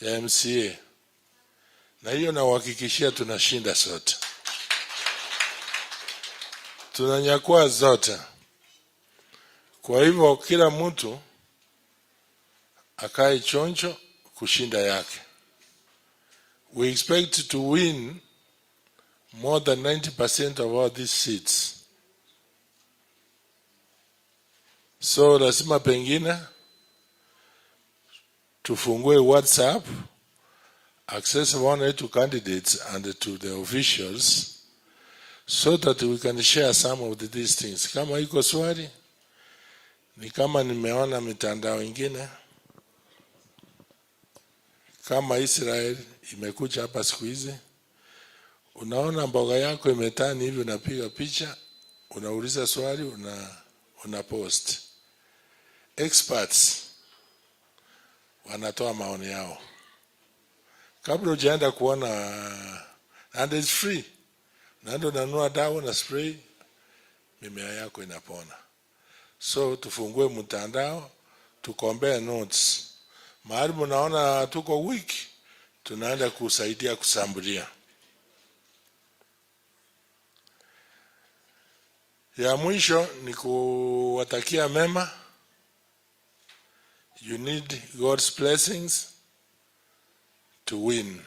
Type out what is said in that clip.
ya MCA, na hiyo nauhakikishia, tunashinda sote, tunanyakua zote. Kwa hivyo kila mtu akae choncho kushinda yake. We expect to win more than 90% of all these seats, so lazima pengine tufungue WhatsApp access one to candidates and to the officials so that we can share some of these things. Kama iko swali, ni kama nimeona mitandao ingine kama Israel imekuja hapa siku hizi, unaona mboga yako imetani hivi, unapiga picha, unauliza swali, una, una post experts wanatoa maoni yao kabla ujaenda kuona, and it's free. Naenda nanua dawa na spray, mimea yako inapona. So tufungue mtandao, tukombee notes mahali munaona tuko wiki, tunaenda kusaidia kusambulia. Ya mwisho ni kuwatakia mema. You need God's blessings to win.